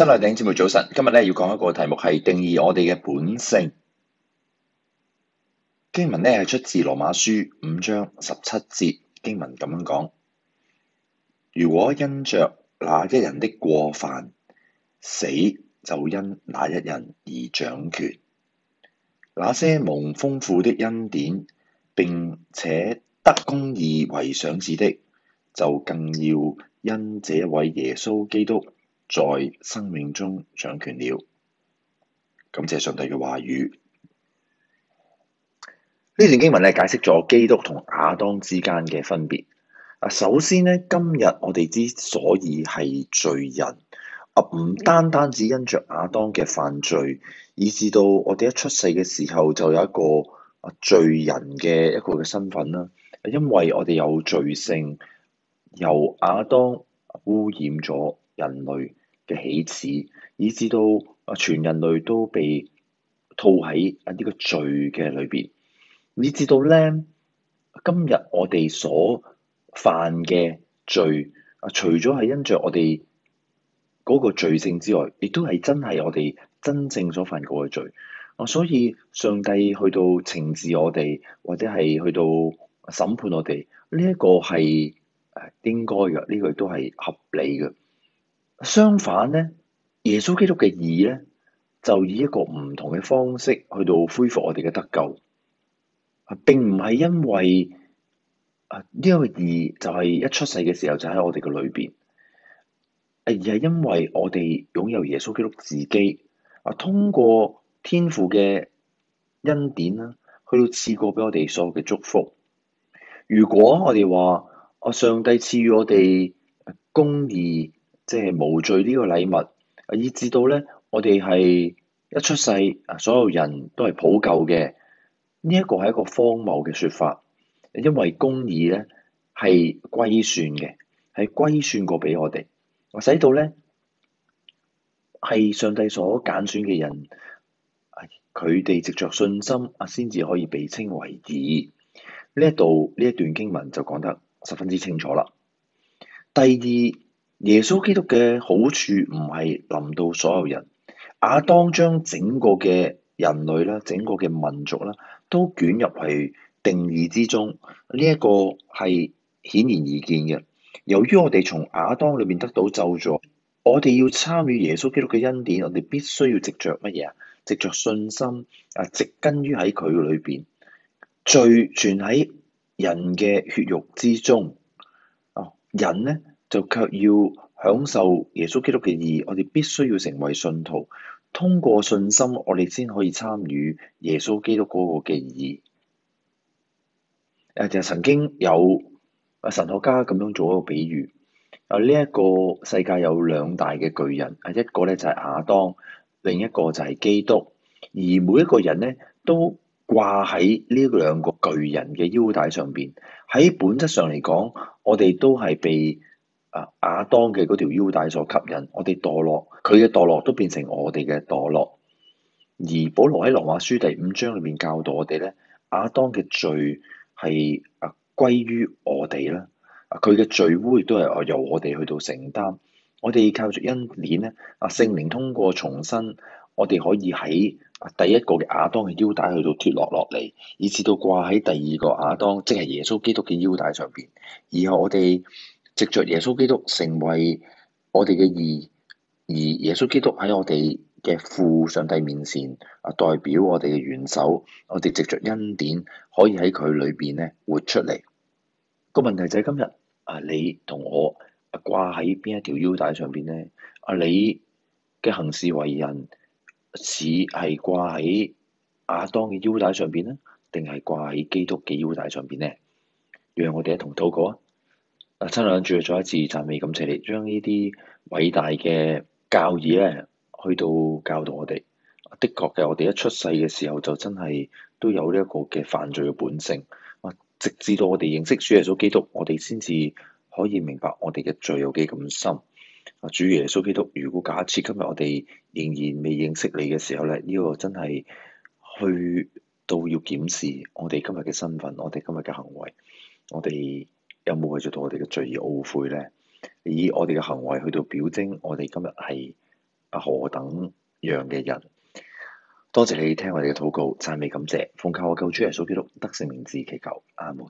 新來頂節目，早晨。今日咧，要講一個題目係定義我哋嘅本性。經文咧，係出自羅馬書五章十七節，經文咁樣講：如果因着那一人的過犯，死就因那一人而掌權；那些蒙豐富的恩典，並且得公義為賞賜的，就更要因這位耶穌基督在生命中掌權了。感謝上帝嘅話語，呢段經文咧解釋咗基督同亞當之間嘅分別。啊，首先咧，今日我哋之所以係罪人，啊唔單單只因着亞當嘅犯罪，以至到我哋一出世嘅時候就有一個啊罪人嘅一個嘅身份啦。因為我哋有罪性，由亞當污染咗人類嘅起始，以至到啊，全人類都被套喺啊呢個罪嘅裏邊，以至到咧，今日我哋所犯嘅罪啊，除咗係因着我哋嗰個罪性之外，亦都係真係我哋真正所犯過嘅罪啊，所以上帝去到懲治我哋，或者係去到審判我哋，呢一個係誒應該嘅，呢個都係合理嘅。相反咧，耶穌基督嘅義咧，就以一個唔同嘅方式去到恢復我哋嘅得救，啊、並唔係因為啊呢、一個義就係一出世嘅時候就喺我哋嘅裏邊，啊，而係因為我哋擁有耶穌基督自己啊，通過天父嘅恩典啦，啊，去到賜過俾我哋所有嘅祝福。如果我哋話啊，上帝賜予我哋公義。即係無罪呢個禮物，以至到咧，我哋係一出世，所有人都係普救嘅。呢一個係一個荒謬嘅説法，因為公義咧係歸算嘅，係歸算過俾我哋，使到咧係上帝所揀選嘅人，佢哋藉着信心啊，先至可以被稱為義。呢一度呢一段經文就講得十分之清楚啦。第二。耶穌基督嘅好處唔係臨到所有人，亞當將整個嘅人類啦，整個嘅民族啦，都捲入去定義之中，呢一個係顯然而見嘅。由於我哋從亞當裏面得到咒詛，我哋要參與耶穌基督嘅恩典，我哋必須要藉着乜嘢啊？藉着信心啊，植根於喺佢裏邊，聚存喺人嘅血肉之中。哦，人呢？就卻要享受耶穌基督嘅義，我哋必須要成為信徒。通過信心，我哋先可以參與耶穌基督嗰個嘅義。誒，啊，就曾經有神學家咁樣做一個比喻。啊，呢一個世界有兩大嘅巨人，啊，一個咧就係亞當，另一個就係基督。而每一個人咧都掛喺呢兩個巨人嘅腰帶上邊。喺本質上嚟講，我哋都係被啊，亞當嘅嗰條腰帶所吸引，我哋墮落，佢嘅墮落都變成我哋嘅墮落。而保羅喺羅馬書第五章裏面教導我哋咧，亞當嘅罪係啊歸於我哋啦，啊佢嘅罪污亦都係由我哋去到承擔。我哋靠住恩典咧，啊聖靈通過重生，我哋可以喺啊第一個嘅亞當嘅腰帶去到脱落落嚟，以至到掛喺第二個亞當，即係耶穌基督嘅腰帶上邊。然後我哋。藉着耶穌基督成為我哋嘅義，而耶穌基督喺我哋嘅父上帝面前啊，代表我哋嘅元首，我哋藉着恩典可以喺佢裏邊咧活出嚟。個問題就係今日啊，你同我掛喺邊一條腰帶上邊咧？啊，你嘅行事為人只是係掛喺亞當嘅腰帶上邊呢？定係掛喺基督嘅腰帶上邊咧？讓我哋一同禱告啊！啊！親愛嘅主，又再一次讚美感謝你，將呢啲偉大嘅教義咧，去到教導我哋。的確嘅，我哋一出世嘅時候就真係都有呢一個嘅犯罪嘅本性。啊，直至到我哋認識主耶穌基督，我哋先至可以明白我哋嘅罪有幾咁深。啊，主耶穌基督，如果假設今日我哋仍然未認識你嘅時候咧，呢個真係去到要檢視我哋今日嘅身份，我哋今日嘅行為，我哋，有冇去做到我哋嘅罪而懊悔呢？以我哋嘅行為去到表徵我哋今日係何等樣嘅人？多謝你聽我哋嘅禱告，讚美感謝，奉靠我救主耶穌基督得聖名之祈求，阿門。